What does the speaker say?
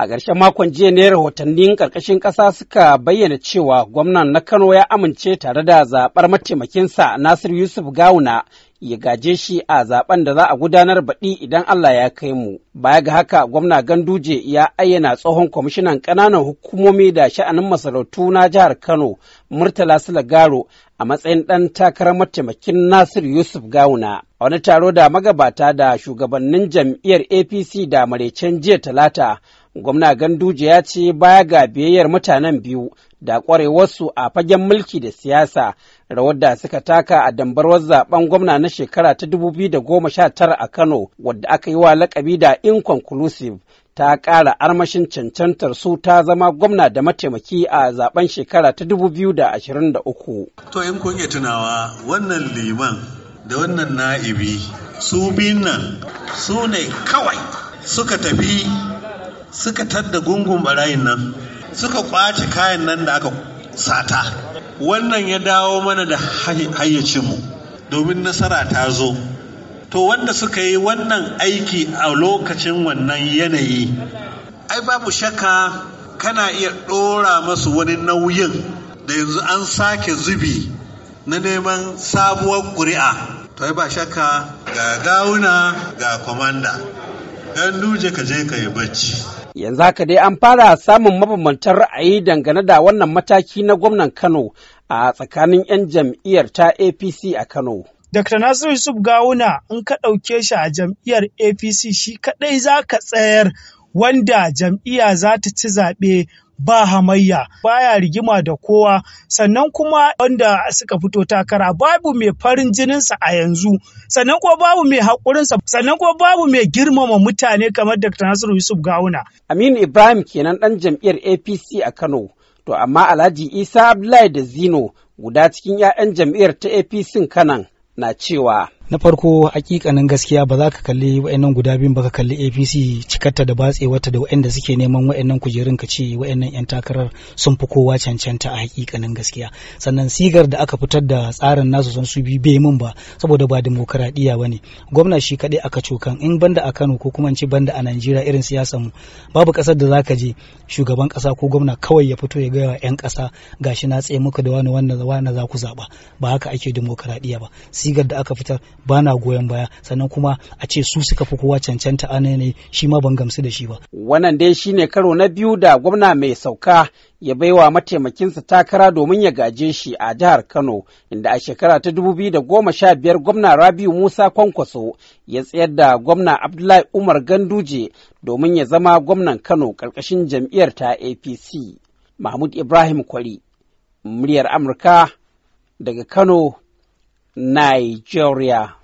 A ƙarshen makon jiya ne rahotannin ƙarƙashin ƙasa suka bayyana cewa gwamnan na Kano ya amince tare da zaɓar mataimakinsa Nasir Yusuf Gawuna ya gaje shi a zaɓen da za a gudanar baɗi idan Allah ya kai mu. Baya ga haka gwamna Ganduje ya ayyana tsohon kwamishinan ƙananan hukumomi da sha'anin masarautu na jihar Kano Murtala Sulagaro a matsayin ɗan takarar mataimakin Nasir Yusuf Gawuna. A wani taro da magabata da shugabannin jam'iyyar APC da Maraicen jiya Talata gwamna ganduje ya ce baya ga biyayyar mutanen biyu da kwarewarsu a fagen mulki da siyasa rawar da suka taka a dambarwar zaben gwamna na shekara ta 2019 a kano wadda aka yi wa lakabi da inconclusive ta ƙara armashin cancantar su ta zama gwamna da mataimaki a zaben shekara ta 2023 to in kun iya tunawa wannan liman da wannan na'ibi su biyun nan su ne kawai suka tafi suka tadda gungun barayin nan suka kwace kayan nan da aka sata wannan ya dawo mana da hayyacinmu domin nasara ta zo to wanda suka yi wannan aiki a lokacin wannan yanayi ai babu shakka kana iya ɗora masu wani nauyin da yanzu an sake zubi na neman sabuwar ƙuri'a to ai ba shakka ga gawuna ga kwamanda ɗan duje ka je ka yi bacci. Yanzu haka dai an fara samun mabambantan ra'ayi dangane da wannan mataki na gwamnan Kano a tsakanin 'yan jam'iyyar ta APC a Kano. Dr. Nasiru Yusuf Gawuna in ka ɗauke shi a jam'iyyar APC shi kaɗai za ka tsayar wanda jam'iyya za ta ci zaɓe ba hamayya baya rigima da kowa sannan kuma wanda suka fito takara babu mai farin jininsa a yanzu sannan kuma babu mai haƙurinsa sannan kuma babu mai girmama mutane kamar dr nasiru yusuf gawuna aminu ibrahim kenan ɗan jam'iyyar apc a kano to amma alhaji isa abdullahi da zino guda cikin 'ya'yan jam'iyyar ta apc kanan na cewa na farko hakikanin gaskiya ba za ka kalli wa'annan guda biyun ba ka kalli apc cikarta da batsewarta da wa'anda suke neman wa'annan kujerun ka ce wa'annan yan takarar sun fi kowa cancanta a hakikanin gaskiya sannan sigar da aka fitar da tsarin nasu sun su bi bai mun ba saboda ba demokaradiyya ne gwamna shi kadai aka cokan in banda a Kano ko kuma in ce banda a Najeriya irin siyasan mu babu kasar da za ka je shugaban kasa ko gwamna kawai ya fito ya gaya wa yan kasa gashi na tsaye muka da wani wannan wani za ku zaba ba haka ake demokaradiyya ba sigar da aka fitar ba na goyon baya sannan kuma a ce su suka fi kowa cancanta a ne shi ma ban gamsu da shi ba. Wannan dai ne karo na biyu da gwamna mai sauka ya baiwa mataimakinsa takara domin ya gaje shi a jihar Kano inda a shekara ta dubu biyu da goma sha biyar gwamna Rabiu Musa Kwankwaso ya tsayar da gwamna Abdullahi Umar Ganduje domin ya zama gwamnan Kano ƙarƙashin jam'iyyar ta APC. Mahmud Ibrahim Kwari, muryar Amurka daga Kano, Nigeria